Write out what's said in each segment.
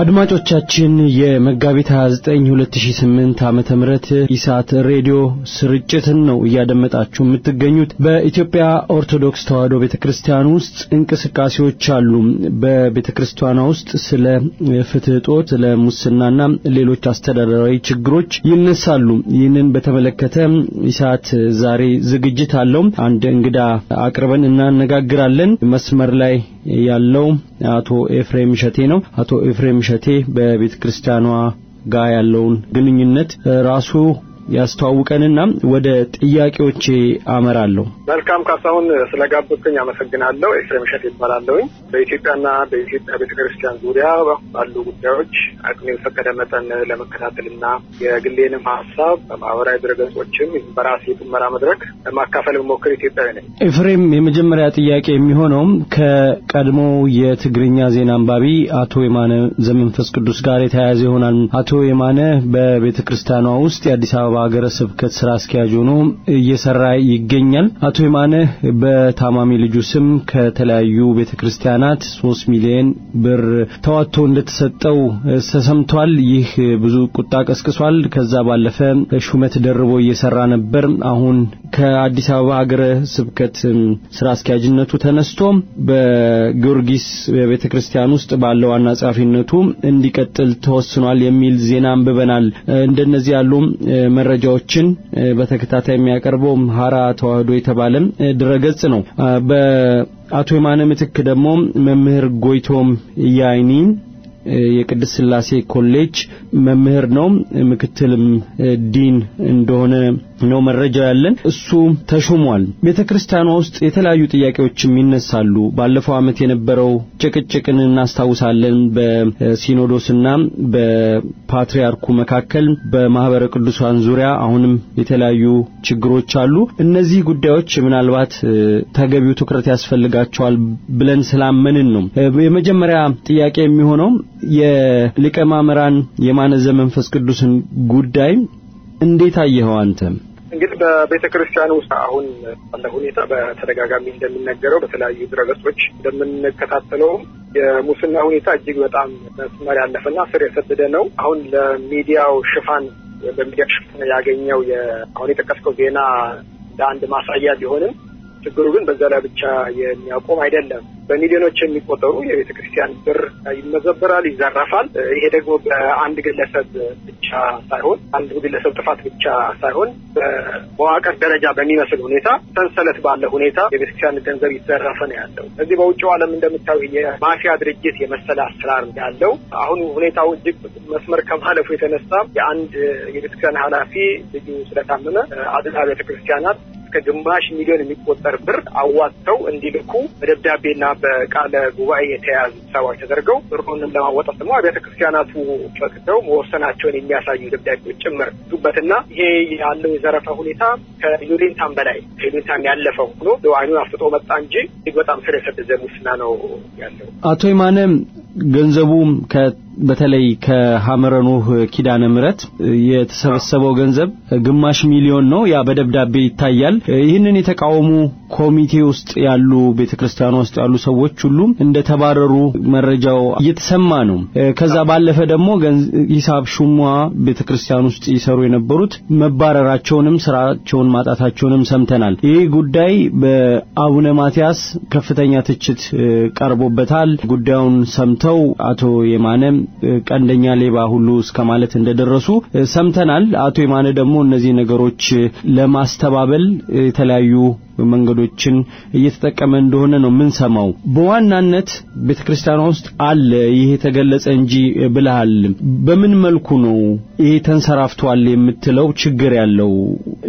አድማጮቻችን የመጋቢት 29 2008 ዓመተ ምህረት ኢሳት ሬዲዮ ስርጭትን ነው እያደመጣችሁ የምትገኙት። በኢትዮጵያ ኦርቶዶክስ ተዋሕዶ ቤተክርስቲያን ውስጥ እንቅስቃሴዎች አሉ። በቤተክርስቲያኗ ውስጥ ስለ ፍትህ እጦት፣ ስለ ሙስናና ሌሎች አስተዳደራዊ ችግሮች ይነሳሉ። ይህንን በተመለከተ ኢሳት ዛሬ ዝግጅት አለው። አንድ እንግዳ አቅርበን እናነጋግራለን። መስመር ላይ ያለው አቶ ኤፍሬም ሸቴ ነው። አቶ ኤፍሬም እሸቴ በቤተ ክርስቲያኗ ጋ ያለውን ግንኙነት ራሱ ያስተዋውቀንና ወደ ጥያቄዎች አመራለሁ። መልካም ካሳሁን፣ ስለጋበዝከኝ አመሰግናለሁ። ኤፍሬም እሸት ይባላለሁኝ። በኢትዮጵያና በኢትዮጵያ ቤተክርስቲያን ዙሪያ ባሉ ጉዳዮች አቅሜ የፈቀደ መጠን ለመከታተልና የግሌንም ሀሳብ በማህበራዊ ድረገጾችም በራሴ የጥመራ መድረክ ለማካፈል መሞክር ኢትዮጵያዊ ነኝ። ኤፍሬም፣ የመጀመሪያ ጥያቄ የሚሆነውም ከቀድሞ የትግርኛ ዜና አንባቢ አቶ የማነ ዘመንፈስ ቅዱስ ጋር የተያያዘ ይሆናል። አቶ የማነ በቤተ ክርስቲያኗ ውስጥ የአዲስ አበባ ሀገረ ስብከት ስራ አስኪያጅ ሆኖ እየሰራ ይገኛል። አቶ ይማነ በታማሚ ልጁ ስም ከተለያዩ ቤተ ክርስቲያናት ሶስት ሚሊዮን ብር ተዋጥቶ እንደተሰጠው ተሰምቷል። ይህ ብዙ ቁጣ ቀስቅሷል። ከዛ ባለፈ ሹመት ደርቦ እየሰራ ነበር። አሁን ከአዲስ አበባ ሀገረ ስብከት ስራ አስኪያጅነቱ ተነስቶ በጊዮርጊስ ቤተ ክርስቲያን ውስጥ ባለው ዋና ጸሐፊነቱ እንዲቀጥል ተወስኗል የሚል ዜና አንብበናል። እንደነዚህ ያሉ መረጃዎችን በተከታታይ የሚያቀርበው ሀራ ተዋህዶ የተባለም ድረገጽ ነው። በአቶ የማነ ምትክ ደግሞ መምህር ጎይቶም ያይኒ የቅድስት ስላሴ ኮሌጅ መምህር ነው። ምክትልም ዲን እንደሆነ ነው መረጃው ያለን። እሱ ተሾሟል። ቤተ ክርስቲያኗ ውስጥ የተለያዩ ጥያቄዎችም ይነሳሉ። ባለፈው ዓመት የነበረው ጭቅጭቅን እናስታውሳለን። በሲኖዶስና በፓትርያርኩ መካከል በማህበረ ቅዱሳን ዙሪያ አሁንም የተለያዩ ችግሮች አሉ። እነዚህ ጉዳዮች ምናልባት ተገቢው ትኩረት ያስፈልጋቸዋል ብለን ስላመንን ነው። የመጀመሪያ ጥያቄ የሚሆነው የሊቀ ማእምራን መንፈስ ቅዱስን ጉዳይ እንዴት አየኸው አንተ? እንግዲህ በቤተ ክርስቲያን ውስጥ አሁን ባለ ሁኔታ በተደጋጋሚ እንደሚነገረው በተለያዩ ድረገጾች እንደምንከታተለው የሙስና ሁኔታ እጅግ በጣም መስመር ያለፈና ስር የሰደደ ነው። አሁን ለሚዲያው ሽፋን በሚዲያ ሽፋን ያገኘው አሁን የጠቀስከው ዜና ለአንድ ማሳያ ቢሆንም ችግሩ ግን በዛ ላይ ብቻ የሚያቆም አይደለም። በሚሊዮኖች የሚቆጠሩ የቤተ ክርስቲያን ብር ይመዘበራል፣ ይዘረፋል። ይሄ ደግሞ በአንድ ግለሰብ ብቻ ሳይሆን አንድ ግለሰብ ጥፋት ብቻ ሳይሆን በመዋቅር ደረጃ በሚመስል ሁኔታ ሰንሰለት ባለ ሁኔታ የቤተ ክርስቲያን ገንዘብ ይዘረፈ ነው ያለው። እዚህ በውጭው ዓለም እንደምታዩ የማፊያ ድርጅት የመሰለ አሰራር ያለው አሁን ሁኔታው እጅግ መስመር ከማለፉ የተነሳ የአንድ የቤተክርስቲያን ኃላፊ ልዩ ስለታመመ አድና ቤተክርስቲያናት እስከ ግማሽ ሚሊዮን የሚቆጠር ብር አዋጥተው እንዲልኩ በደብዳቤና በቃለ ጉባኤ የተያዙ ስብሰባዎች ተደርገው ብሩንም ለማወጣት ደግሞ አብያተ ክርስቲያናቱ ፈቅደው መወሰናቸውን የሚያሳዩ ደብዳቤዎች ጭምር ዱበትና ይሄ ያለው የዘረፈ ሁኔታ ከዩኒታም በላይ ከዩኒታም ያለፈው ሆኖ አይኑን አፍጥጦ መጣ እንጂ በጣም ስር የሰደደ ሙስና ነው ያለው። አቶ ይማነ ገንዘቡ ከ በተለይ ከሐመረኖህ ኪዳነ ምረት የተሰበሰበው ገንዘብ ግማሽ ሚሊዮን ነው። ያ በደብዳቤ ይታያል። ይህንን የተቃወሙ ኮሚቴ ውስጥ ያሉ ቤተ ክርስቲያኑ ውስጥ ያሉ ሰዎች ሁሉም እንደተባረሩ መረጃው እየተሰማ ነው። ከዛ ባለፈ ደግሞ ሂሳብ ሹሟ ቤተ ክርስቲያን ውስጥ ይሰሩ የነበሩት መባረራቸውንም ስራቸውን ማጣታቸውንም ሰምተናል። ይህ ጉዳይ በአቡነ ማትያስ ከፍተኛ ትችት ቀርቦበታል። ጉዳዩን ሰምተው አቶ የማነም ቀንደኛ ሌባ ሁሉ እስከ ማለት እንደደረሱ ሰምተናል። አቶ የማነ ደግሞ እነዚህ ነገሮች ለማስተባበል የተለያዩ መንገዶችን እየተጠቀመ እንደሆነ ነው የምንሰማው። በዋናነት ቤተ ክርስቲያኗ ውስጥ አለ ይሄ የተገለጸ እንጂ ብለሃል። በምን መልኩ ነው ይሄ ተንሰራፍቷል የምትለው ችግር ያለው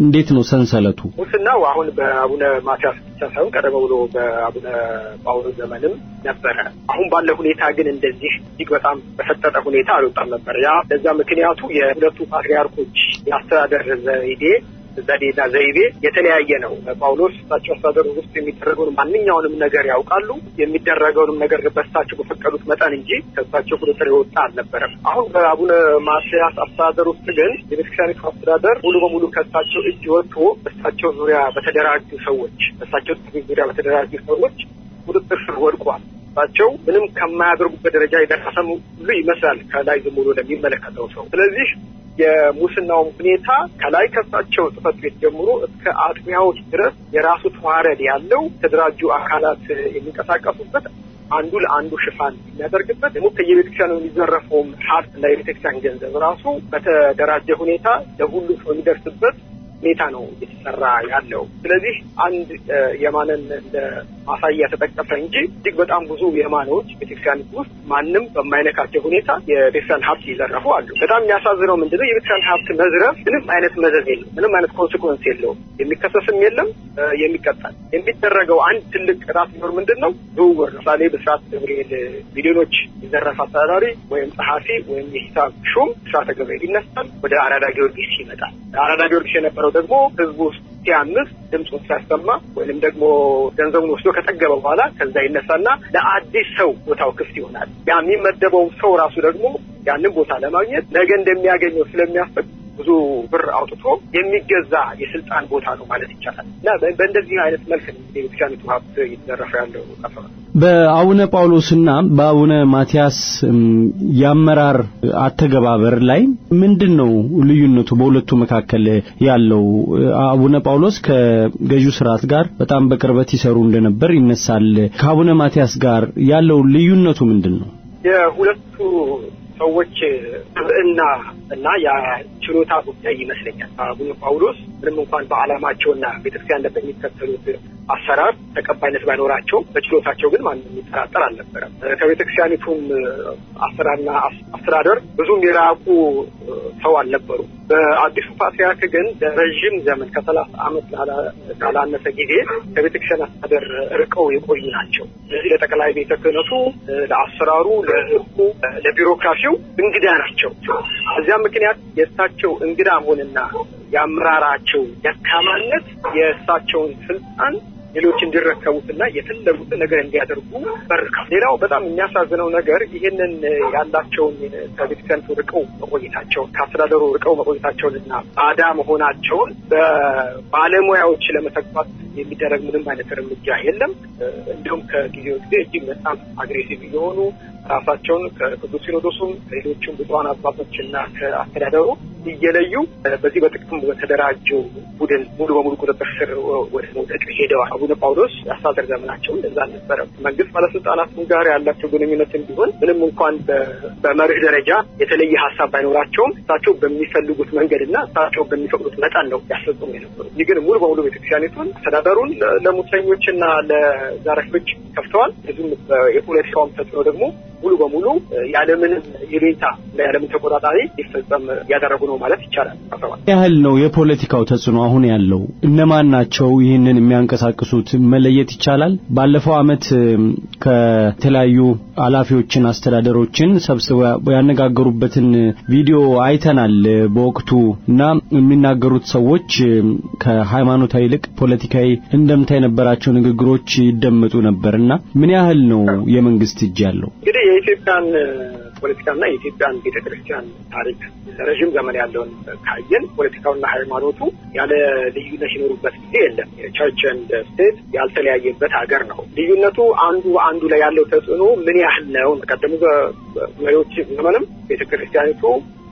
እንዴት ነው ሰንሰለቱ? ሙስናው አሁን በአቡነ ማትያስ ብቻ ሳይሆን ቀደም ብሎ በአቡነ ጳውሎስ ዘመንም ነበረ። አሁን ባለ ሁኔታ ግን እንደዚህ እጅግ በጣም በፈጠጠ ሁኔታ አልወጣም ነበር። ያ ለዛ ምክንያቱ የሁለቱ ፓትሪያርኮች የአስተዳደር ዘይቤ ዘዴና ዘይቤ የተለያየ ነው። ጳውሎስ እሳቸው አስተዳደሩ ውስጥ የሚደረገውን ማንኛውንም ነገር ያውቃሉ። የሚደረገውንም ነገር በሳቸው በፈቀዱት መጠን እንጂ ከሳቸው ቁጥጥር የወጣ አልነበረም። አሁን በአቡነ ማትያስ አስተዳደር ውስጥ ግን የቤተክርስቲያኒቱ አስተዳደር ሙሉ በሙሉ ከሳቸው እጅ ወጥቶ በሳቸው ዙሪያ በተደራጁ ሰዎች በሳቸው ዙሪያ በተደራጁ ሰዎች ቁጥጥር ስር ወድቋል። ባቸው ምንም ከማያደርጉበት ደረጃ የደረሰ ሁሉ ይመስላል ከላይ ዝም ብሎ ለሚመለከተው ሰው። ስለዚህ የሙስናውም ሁኔታ ከላይ ከሳቸው ጽሕፈት ቤት ጀምሮ እስከ አጥሚያዎች ድረስ የራሱ ተዋረድ ያለው ተደራጁ አካላት የሚንቀሳቀሱበት አንዱ ለአንዱ ሽፋን የሚያደርግበት ደግሞ ከየቤተክርስቲያኑ የሚዘረፈውም ሀብት እና የቤተክርስቲያን ገንዘብ ራሱ በተደራጀ ሁኔታ ለሁሉም ሰው የሚደርስበት ሁኔታ ነው እየተሰራ ያለው። ስለዚህ አንድ የማነን እንደ ማሳያ ተጠቀሰ እንጂ እጅግ በጣም ብዙ የማኖች ቤተክርስቲያን ውስጥ ማንም በማይነካቸው ሁኔታ የቤተክርስቲያን ሀብት ይዘረፉ አሉ። በጣም የሚያሳዝነው ምንድነው? የቤተክርስቲያን ሀብት መዝረፍ ምንም አይነት መዘዝ የለም፣ ምንም አይነት ኮንስኮንስ የለውም። የሚከሰስም የለም የሚቀጣል። የሚደረገው አንድ ትልቅ ቅጣት ሲኖር ምንድን ነው? ዝውውር ለምሳሌ ብስራት ገብርኤል ሚሊዮኖች ይዘረፍ አስተዳዳሪ ወይም ጸሐፊ ወይም የሂሳብ ሹም ብስራተ ገብርኤል ይነሳል፣ ወደ አራዳ ጊዮርጊስ ይመጣል። አራዳ ጊዮርጊስ የነበረው ደግሞ ህዝቡ ሲያንስ ሲያምስ ድምፁን ሲያሰማ ወይም ደግሞ ገንዘቡን ወስዶ ከጠገበ በኋላ ከዛ ይነሳና ለአዲስ ሰው ቦታው ክፍት ይሆናል። ያ የሚመደበው ሰው ራሱ ደግሞ ያንን ቦታ ለማግኘት ነገ እንደሚያገኘው ስለሚያስፈቅ ብዙ ብር አውጥቶ የሚገዛ የስልጣን ቦታ ነው ማለት ይቻላል እና በእንደዚህ አይነት መልክ የቤተክርስቲያኒቱ ሀብት እየተዘረፈ ያለው ጠፈ በአቡነ ጳውሎስና በአቡነ ማቲያስ የአመራር አተገባበር ላይ ምንድን ነው ልዩነቱ በሁለቱ መካከል ያለው? አቡነ ጳውሎስ ከገዢው ስርዓት ጋር በጣም በቅርበት ይሰሩ እንደነበር ይነሳል። ከአቡነ ማቲያስ ጋር ያለው ልዩነቱ ምንድን ነው? የሁለቱ ሰዎች እና እና የችሎታ ጉዳይ ይመስለኛል። አቡነ ጳውሎስ ምንም እንኳን በዓላማቸውና ቤተክርስቲያን በሚከተሉት አሰራር ተቀባይነት ባይኖራቸው በችሎታቸው ግን ማንም የሚጠራጠር አልነበረም። ከቤተክርስቲያኒቱም አሰራርና አስተዳደር ብዙም የራቁ ሰው አልነበሩም። በአዲሱ ፓትርያርክ ግን ለረዥም ዘመን ከሰላሳ ዓመት ላላነሰ ጊዜ ከቤተክርስቲያን አስተዳደር ርቀው የቆዩ ናቸው። ስለዚህ ለጠቅላይ ቤተ ክህነቱ፣ ለአሰራሩ፣ ለሕጉ፣ ለቢሮክራሲው ፓርቲው እንግዳ ናቸው። በዚያም ምክንያት የእሳቸው እንግዳ መሆንና የአምራራቸው ደካማነት የእሳቸውን ስልጣን ሌሎች እንዲረከቡትና የፈለጉት ነገር እንዲያደርጉ በርካ ሌላው በጣም የሚያሳዝነው ነገር ይህንን ያላቸውን ከቤተክርስቲያኑ ርቀው መቆየታቸውን ከአስተዳደሩ ርቀው መቆየታቸውንና ባዳ መሆናቸውን በባለሙያዎች ለመተግባት የሚደረግ ምንም አይነት እርምጃ የለም። እንዲሁም ከጊዜ ጊዜ እጅግ በጣም አግሬሲቭ የሆኑ ራሳቸውን ከቅዱስ ሲኖዶሱም ከሌሎችም አባቶች አባቶችና ከአስተዳደሩ እየለዩ በዚህ በጥቅም በተደራጀው ቡድን ሙሉ በሙሉ ቁጥጥር ስር ወደ መውደቅ ሄደዋል። አቡነ ጳውሎስ አስተዳደር ዘመናቸው እንደዛ አልነበረም። መንግስት ባለስልጣናትም ጋር ያላቸው ግንኙነት እንዲሆን ምንም እንኳን በመርህ ደረጃ የተለየ ሀሳብ ባይኖራቸውም እሳቸው በሚፈልጉት መንገድ እና እሳቸው በሚፈቅዱት መጠን ነው ያስፈጽሙ የነበሩ። ይህ ግን ሙሉ በሙሉ ቤተክርስቲያኒቱን አስተዳደሩን ለሙሰኞች እና ከፍተዋል። ብዙም የፖለቲካውም ተጽዕኖ ደግሞ ሙሉ በሙሉ የአለምን ሁኔታ እና ተቆጣጣሪ ሊፈጸም ያደረጉ ነው ማለት ይቻላል። ያህል ነው የፖለቲካው ተጽዕኖ አሁን ያለው እነማን ናቸው ይህንን የሚያንቀሳቅሱት መለየት ይቻላል። ባለፈው ዓመት ከተለያዩ ኃላፊዎችን አስተዳደሮችን ሰብስበው ያነጋገሩበትን ቪዲዮ አይተናል በወቅቱ እና የሚናገሩት ሰዎች ከሃይማኖታዊ ይልቅ ፖለቲካዊ እንደምታ የነበራቸው ንግግሮች ይደመጡ ነበር እና ምን ያህል ነው የመንግስት እጅ ያለው እንግዲህ የኢትዮጵያን ፖለቲካና የኢትዮጵያን ቤተክርስቲያን ታሪክ ረዥም ዘመን ያለውን ካየን ፖለቲካውና ሃይማኖቱ ያለ ልዩነት ይኖሩበት ጊዜ የለም። ቸርች ኤንድ ስቴት ያልተለያየበት ሀገር ነው። ልዩነቱ አንዱ አንዱ ላይ ያለው ተጽዕኖ ምን ያህል ነው? ቀደሙ መሪዎች ዘመንም ቤተክርስቲያኒቱ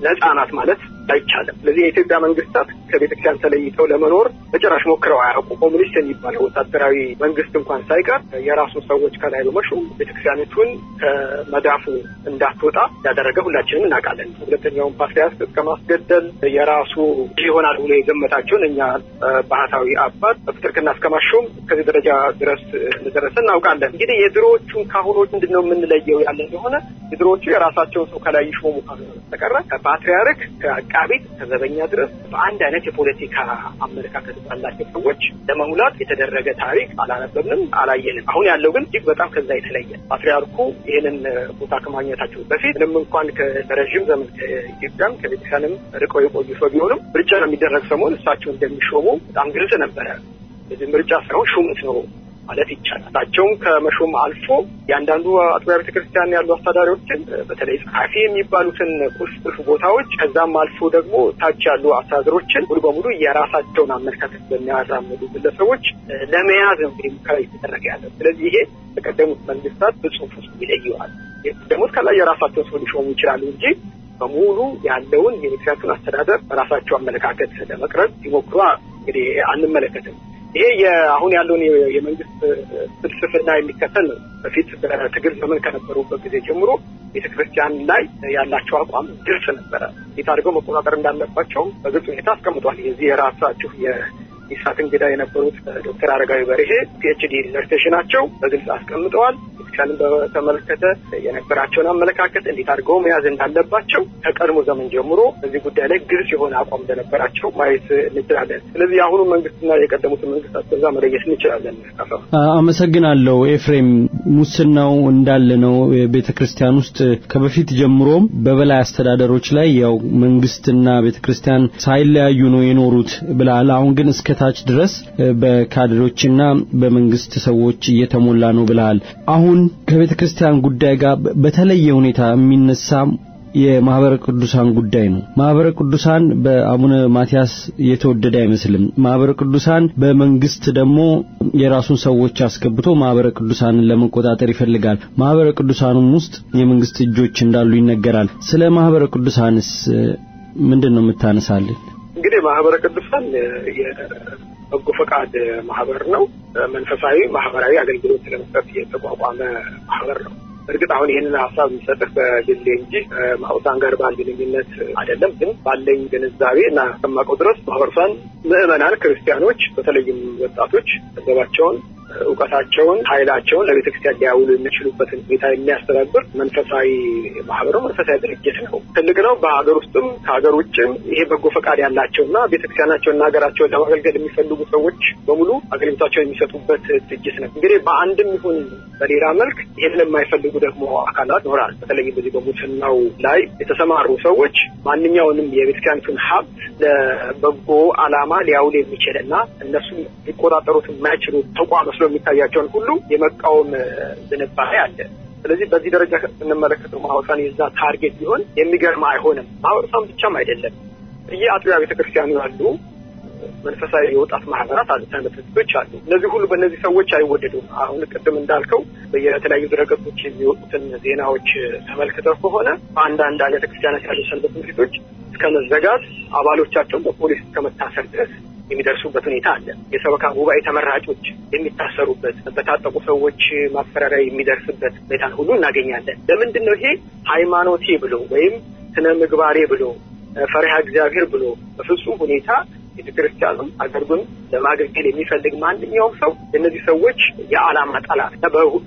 ነጻ ናት ማለት አይቻልም። ስለዚህ የኢትዮጵያ መንግስታት ከቤተክርስቲያን ተለይተው ለመኖር በጭራሽ ሞክረው አያውቁ። ኮሚኒስት የሚባለው ወታደራዊ መንግስት እንኳን ሳይቀር የራሱን ሰዎች ከላይ በመሾም ቤተክርስቲያኖቹን ከመዳፉ እንዳትወጣ ያደረገ ሁላችንም እናውቃለን። ሁለተኛውን ፓትርያርክ እስከ ማስገደል የራሱ ይሆናል ብሎ የገመታቸውን እኛ ባህታዊ አባት በፕትርክና እስከ ማሾም እስከዚህ ደረጃ ድረስ እንደደረሰ እናውቃለን። እንግዲህ የድሮዎቹን ካሁኖች ምንድን ነው የምንለየው ያለ እንደሆነ የድሮዎቹ የራሳቸውን ሰው ከላይ ይሾሙ ካልሆነ በስተቀረ ከፓትርያርክ ቤት ከዘበኛ ድረስ በአንድ አይነት የፖለቲካ አመለካከት ባላቸው ሰዎች ለመሙላት የተደረገ ታሪክ አላነበብንም፣ አላየንም። አሁን ያለው ግን እጅግ በጣም ከዛ የተለየ ፓትሪያርኩ ይህንን ቦታ ከማግኘታቸው በፊት ምንም እንኳን ከረዥም ዘመን ከኢትዮጵያም ከቤተክርስቲያንም ርቀው የቆዩ ሰው ቢሆንም ምርጫ ነው የሚደረግ ሰሞን እሳቸው እንደሚሾሙ በጣም ግልጽ ነበረ። እዚህ ምርጫ ሳይሆን ሹመት ነው ማለት ይቻላል። እሳቸውም ከመሾም አልፎ እያንዳንዱ አጥቢያ ቤተክርስቲያን ያሉ አስተዳዳሪዎችን በተለይ ጸሐፊ የሚባሉትን ቁልፍ ቁልፍ ቦታዎች ከዛም አልፎ ደግሞ ታች ያሉ አስተዳደሮችን ሙሉ በሙሉ የራሳቸውን አመለካከት በሚያራምዱ ግለሰቦች ለመያዝ ነው እንግዲህ ሙከራ እየተደረገ ያለ። ስለዚህ ይሄ በቀደሙት መንግስታት ብጽሁፍ ውስጥ ይለየዋል። የቀደሙት ከላይ የራሳቸውን ሰው ሊሾሙ ይችላሉ እንጂ በሙሉ ያለውን የቤተክርስቲያኑን አስተዳደር በራሳቸው አመለካከት ለመቅረጽ ሲሞክሯ እንግዲህ አንመለከትም። ይሄ አሁን ያለውን የመንግስት ፍልስፍና የሚከተል ነው። በፊት በትግል ዘመን ከነበሩበት ጊዜ ጀምሮ ቤተክርስቲያን ላይ ያላቸው አቋም ግልጽ ነበረ። ቤት አድርገው መቆጣጠር እንዳለባቸው በግልጽ ሁኔታ አስቀምጧል። የዚህ የራሳችሁ የሳት እንግዳ የነበሩት ዶክተር አረጋዊ በርሄ ፒኤችዲ ናቸው በግልጽ አስቀምጠዋል። ቤተክርስቲያንን በተመለከተ የነበራቸውን አመለካከት እንዴት አድርገው መያዝ እንዳለባቸው ከቀድሞ ዘመን ጀምሮ በዚህ ጉዳይ ላይ ግልጽ የሆነ አቋም እንደነበራቸው ማየት እንችላለን። ስለዚህ የአሁኑ መንግስትና የቀደሙትን መንግስታት በዛ መለየት እንችላለን። አመሰግናለሁ ኤፍሬም። ሙስናው እንዳለ ነው ቤተ ክርስቲያን ውስጥ ከበፊት ጀምሮም በበላይ አስተዳደሮች ላይ ያው መንግስትና ቤተ ክርስቲያን ሳይለያዩ ነው የኖሩት ብላል። አሁን ግን እስከ በታች ድረስ በካድሮችና በመንግስት ሰዎች እየተሞላ ነው ብለሃል። አሁን ከቤተ ክርስቲያን ጉዳይ ጋር በተለየ ሁኔታ የሚነሳ የማህበረ ቅዱሳን ጉዳይ ነው። ማህበረ ቅዱሳን በአቡነ ማቲያስ የተወደደ አይመስልም። ማህበረ ቅዱሳን በመንግስት ደግሞ የራሱን ሰዎች አስገብቶ ማህበረ ቅዱሳንን ለመቆጣጠር ይፈልጋል። ማህበረ ቅዱሳኑም ውስጥ የመንግስት እጆች እንዳሉ ይነገራል። ስለ ማህበረ ቅዱሳንስ ምንድን ነው የምታነሳልን? እንግዲህ ማህበረ ቅዱሳን የበጎ ፈቃድ ማህበር ነው። መንፈሳዊ ማህበራዊ አገልግሎት ለመስጠት የተቋቋመ ማህበር ነው። እርግጥ አሁን ይህንን ሀሳብ የሚሰጥህ በግሌ እንጂ ማውሳን ጋር ባል ግንኙነት አይደለም። ግን ባለኝ ግንዛቤ እና ከማውቀው ድረስ ማህበረሰን ምዕመናን ክርስቲያኖች፣ በተለይም ወጣቶች ገንዘባቸውን እውቀታቸውን፣ ኃይላቸውን ለቤተክርስቲያን ሊያውሉ የሚችሉበትን ሁኔታ የሚያስተዳድር መንፈሳዊ ማህበር መንፈሳዊ ድርጅት ነው። ትልቅ ነው። በሀገር ውስጥም ከሀገር ውጭም ይሄ በጎ ፈቃድ ያላቸውና ቤተክርስቲያናቸውና ሀገራቸውን ለማገልገል የሚፈልጉ ሰዎች በሙሉ አገልግሎታቸውን የሚሰጡበት ድርጅት ነው። እንግዲህ በአንድም ይሁን በሌላ መልክ ይህንን የማይፈልጉ ደግሞ አካላት ይኖራል። በተለይ በዚህ በሙስናው ላይ የተሰማሩ ሰዎች ማንኛውንም የቤተክርስቲያኒቱን ሀብት ለበጎ አላማ ሊያውል የሚችልና እነሱም ሊቆጣጠሩት የማይችሉ ተቋመ መስሎ የሚታያቸውን ሁሉ የመቃወም ዝንባሌ አለ። ስለዚህ በዚህ ደረጃ ስንመለከተው ማወሳን የዛ ታርጌት ቢሆን የሚገርም አይሆንም። ማህበረሰብ ብቻም አይደለም። በየአጥቢያ ቤተክርስቲያኑ ያሉ መንፈሳዊ የወጣት ማህበራት አሉ፣ ትምህርት አሉ። እነዚህ ሁሉ በእነዚህ ሰዎች አይወደዱም። አሁን ቅድም እንዳልከው የተለያዩ ድረገጾች የሚወጡትን ዜናዎች ተመልክተው ከሆነ በአንዳንድ አብያተ ክርስቲያናት ያሉ ሰንበት ትምህርት እስከ መዘጋት፣ አባሎቻቸው በፖሊስ እስከ መታሰር ድረስ የሚደርሱበት ሁኔታ አለ። የሰበካ ጉባኤ ተመራጮች የሚታሰሩበት፣ በታጠቁ ሰዎች ማፈራሪያ የሚደርስበት ሁኔታን ሁሉ እናገኛለን። ለምንድን ነው ይሄ ሃይማኖቴ ብሎ ወይም ስነ ምግባሬ ብሎ ፈሪሃ እግዚአብሔር ብሎ በፍጹም ሁኔታ ቤተክርስቲያኑን አገሩን ለማገልገል የሚፈልግ ማንኛውም ሰው እነዚህ ሰዎች የዓላማ ጠላት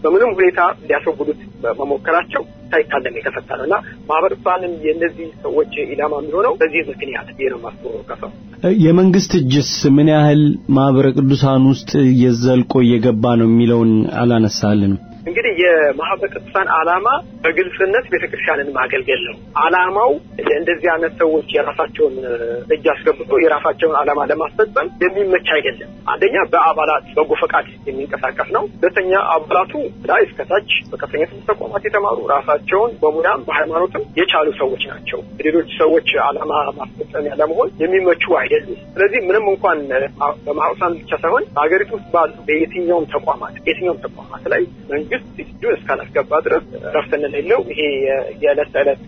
በምንም ሁኔታ ሊያስወግዱት መሞከራቸው ሳይታለም የተፈታ ነው እና ማህበረ የእነዚህ ሰዎች ኢላማ የሚሆነው በዚህ ምክንያት ነው ከፈው የመንግስት እጅስ ምን ያህል ማህበረ ቅዱሳን ውስጥ የዘልቆ እየገባ ነው የሚለውን አላነሳልንም። እንግዲህ የማህበረ ቅዱሳን አላማ በግልጽነት ቤተክርስቲያንን ማገልገል ነው። አላማው እንደዚህ አይነት ሰዎች የራሳቸውን እጅ አስገብቶ የራሳቸውን አላማ ለማስፈጸም የሚመች አይደለም። አንደኛ በአባላት በጎ ፈቃድ የሚንቀሳቀስ ነው። ሁለተኛ አባላቱ ላይ እስከታች በከፍተኛ ትምህርት ተቋማት የተማሩ ራሳቸውን በሙያም በሃይማኖትም የቻሉ ሰዎች ናቸው። ሌሎች ሰዎች አላማ ማስፈጸሚያ ለመሆን የሚመቹ አይደሉም። ስለዚህ ምንም እንኳን በማህበረሰብ ብቻ ሳይሆን በሀገሪቱ ውስጥ ባሉ በየትኛውም ተቋማት የትኛውም ተቋማት ላይ መንግስት እጁ እስካላስገባ ድረስ ረፍት የሌለው ይሄ የዕለት ተዕለት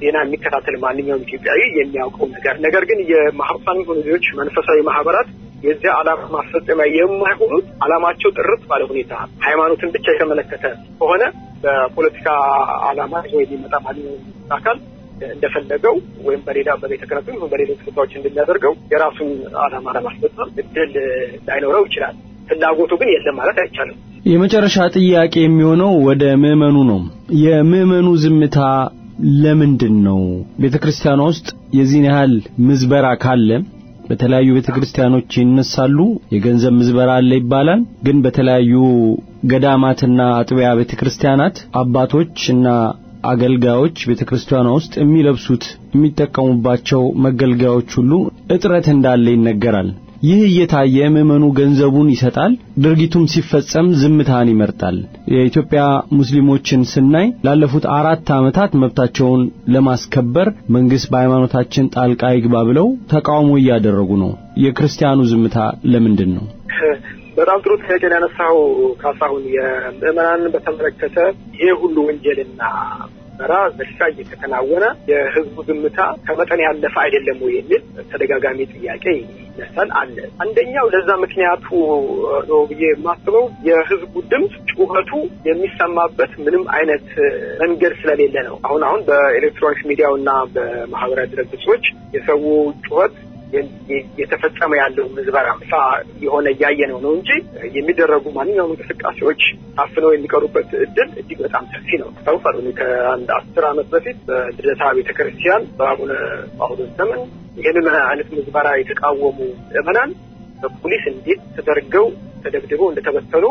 ዜና የሚከታተል ማንኛውም ኢትዮጵያዊ የሚያውቀው ነገር ነገር ግን የማህበሳን ሁኔታዎች መንፈሳዊ ማህበራት የዚያ ዓላማ ማስፈጸሚያ የማይሆኑት ዓላማቸው ጥርት ባለ ሁኔታ ሃይማኖትን ብቻ የተመለከተ ከሆነ በፖለቲካ ዓላማ ይዞ የሚመጣ ማንኛውም አካል እንደፈለገው ወይም በሌላ በቤተ ክህነቱ በሌሎች ቦታዎች እንደሚያደርገው የራሱን አላማ ለማስፈጸም እድል ላይኖረው ይችላል። ፍላጎቱ ግን የለም ማለት አይቻልም። የመጨረሻ ጥያቄ የሚሆነው ወደ ምዕመኑ ነው። የምዕመኑ ዝምታ ለምንድን ነው? ቤተ ክርስቲያኗ ውስጥ የዚህን ያህል ምዝበራ ካለ በተለያዩ ቤተ ክርስቲያኖች ይነሳሉ። የገንዘብ ምዝበራ አለ ይባላል። ግን በተለያዩ ገዳማትና አጥቢያ ቤተ ክርስቲያናት አባቶች እና አገልጋዮች ቤተ ክርስቲያኗ ውስጥ የሚለብሱት የሚጠቀሙባቸው መገልገያዎች ሁሉ እጥረት እንዳለ ይነገራል። ይህ እየታየ ምዕመኑ ገንዘቡን ይሰጣል፣ ድርጊቱም ሲፈጸም ዝምታን ይመርጣል። የኢትዮጵያ ሙስሊሞችን ስናይ ላለፉት አራት ዓመታት መብታቸውን ለማስከበር መንግሥት በሃይማኖታችን ጣልቃ ይግባ ብለው ተቃውሞ እያደረጉ ነው። የክርስቲያኑ ዝምታ ለምንድን ነው? በጣም ጥሩ ጥያቄ ያነሳው ካሳሁን። የምዕመናንን በተመለከተ ይሄ ሁሉ ወንጀልና ምርመራ ዘሻ እየተከናወነ የህዝቡ ዝምታ ከመጠን ያለፈ አይደለም ወይ የሚል ተደጋጋሚ ጥያቄ ይነሳል አለ። አንደኛው ለዛ ምክንያቱ ነው ብዬ የማስበው የህዝቡ ድምፅ ጩኸቱ የሚሰማበት ምንም አይነት መንገድ ስለሌለ ነው። አሁን አሁን በኤሌክትሮኒክስ ሚዲያው እና በማህበራዊ ድረገጾች የሰው ጩኸት የተፈጸመ ያለው ምዝበራ ሳ የሆነ እያየ ነው ነው እንጂ የሚደረጉ ማንኛውም እንቅስቃሴዎች ታፍነው የሚቀሩበት እድል እጅግ በጣም ሰፊ ነው። ታውቃሉ ከአንድ አስር ዓመት በፊት በልደታ ቤተክርስቲያን በአቡነ ጳውሎስ ዘመን ይህንን አይነት ምዝበራ የተቃወሙ ምዕመናን በፖሊስ እንዴት ተደርገው ተደብድበው እንደተበተኑ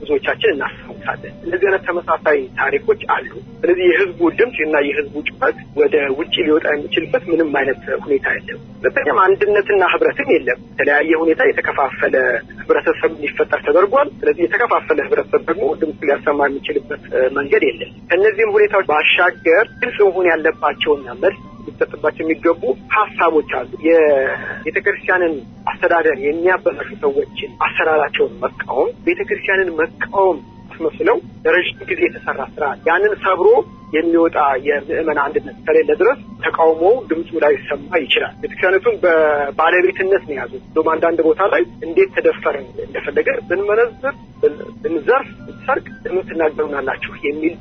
ብዙዎቻችን እናስታውሳለን። እንደዚህ አይነት ተመሳሳይ ታሪኮች አሉ። ስለዚህ የህዝቡ ድምፅ እና የህዝቡ ጩኸት ወደ ውጭ ሊወጣ የሚችልበት ምንም አይነት ሁኔታ የለም። ሁለተኛም አንድነትና ህብረትም የለም። የተለያየ ሁኔታ የተከፋፈለ ህብረተሰብ እንዲፈጠር ተደርጓል። ስለዚህ የተከፋፈለ ህብረተሰብ ደግሞ ድምፅ ሊያሰማ የሚችልበት መንገድ የለም። ከእነዚህም ሁኔታዎች ባሻገር ግልጽ መሆን ያለባቸውና መልስ ሊሰጥባቸው የሚገቡ ሀሳቦች አሉ። የቤተክርስቲያንን አስተዳደር የሚያበላሹ ሰዎችን አሰራራቸውን መቃወም፣ ቤተ ክርስቲያንን መቃወም አስመስለው ለረዥም ጊዜ የተሰራ ስራ ያንን ሰብሮ የሚወጣ የምዕመን አንድነት ከሌለ ድረስ ተቃውሞ ድምፁ ላይ ሰማ ይችላል። ቤተክርስቲያነቱን በባለቤትነት ነው ያዙ ዶም አንዳንድ ቦታ ላይ እንዴት ተደፈር እንደፈለገ ብንመነዝር፣ ብንዘርፍ፣ ብንሰርቅ ትምህርት ትናገሩናላችሁ የሚል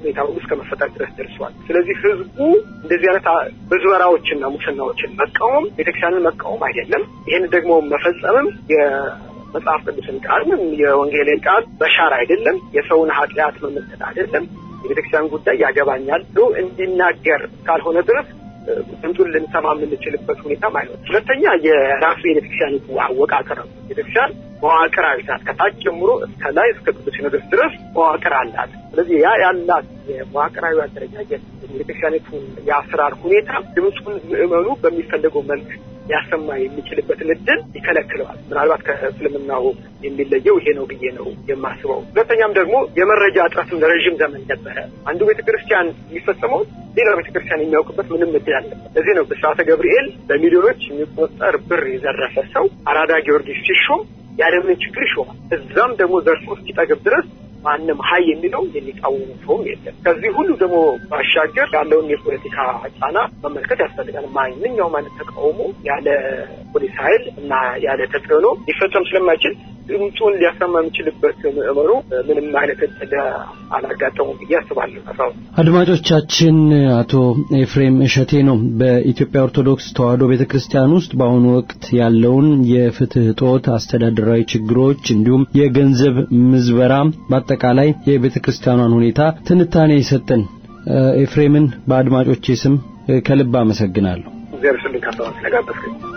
ሁኔታ እስከ መፈጠር ድረስ ደርሷል። ስለዚህ ህዝቡ እንደዚህ አይነት ብዝበራዎችና ሙስናዎችን መቃወም ቤተክርስቲያንን መቃወም አይደለም። ይህን ደግሞ መፈጸምም የመጽሐፍ ቅዱስን ቃልም የወንጌልን ቃል መሻር አይደለም። የሰውን ኃጢአት መመልከት አይደለም። የቤተክርስቲያን ጉዳይ ያገባኛል ብሎ እንዲናገር ካልሆነ ድረስ ድምጡን ልንሰማ የምንችልበት ሁኔታ ማለት ሁለተኛ የራሱ የቤተክርስቲያኒቱ አወቃቀር ነው። ቤተክርስቲያን መዋቅር አልታት ከታች ጀምሮ እስከ ላይ እስከ ቅዱስ ሲኖዶስ ድረስ መዋቅር አላት። ስለዚህ ያ ያላት የመዋቅራዊ አደረጃጀት የቤተክርስቲያኒቱን የአሰራር ሁኔታ ድምፁን ምእመኑ በሚፈለገው መልክ ሊያሰማ የሚችልበትን እድል ይከለክለዋል። ምናልባት ከእስልምናው የሚለየው ይሄ ነው ብዬ ነው የማስበው። ሁለተኛም ደግሞ የመረጃ እጥረትም ለረዥም ዘመን ነበረ። አንዱ ቤተክርስቲያን የሚፈጸመው ሌላ ቤተክርስቲያን የሚያውቅበት ምንም እድል አለ። እዚህ ነው ብስራተ ገብርኤል በሚሊዮኖች የሚቆጠር ብር የዘረፈ ሰው አራዳ ጊዮርጊስ ሲሾም ያለምንም ችግር ይሾማል። እዛም ደግሞ ዘርፎ እስኪጠግብ ድረስ ማንም ሀይ የሚለው የሚቃወሙ ሰውም የለም። ከዚህ ሁሉ ደግሞ ባሻገር ያለውን የፖለቲካ ጫና መመልከት ያስፈልጋል። ማንኛውም አይነት ተቃውሞ ያለ ፖሊስ ኃይል እና ያለ ተጽዕኖ ሊፈጸም ስለማይችል ድምፁን ሊያሰማ የሚችልበት ምዕመሩ ምንም አይነት እድል አላጋጠሙ ብዬ አስባለሁ። አሳው አድማጮቻችን፣ አቶ ኤፍሬም እሸቴ ነው በኢትዮጵያ ኦርቶዶክስ ተዋሕዶ ቤተ ክርስቲያን ውስጥ በአሁኑ ወቅት ያለውን የፍትህ እጦት፣ አስተዳደራዊ ችግሮች እንዲሁም የገንዘብ ምዝበራ አጠቃላይ የቤተ ክርስቲያኗን ሁኔታ ትንታኔ የሰጠን ኤፍሬምን በአድማጮቼ ስም ከልብ አመሰግናለሁ። እግዚአብሔር ስልኝ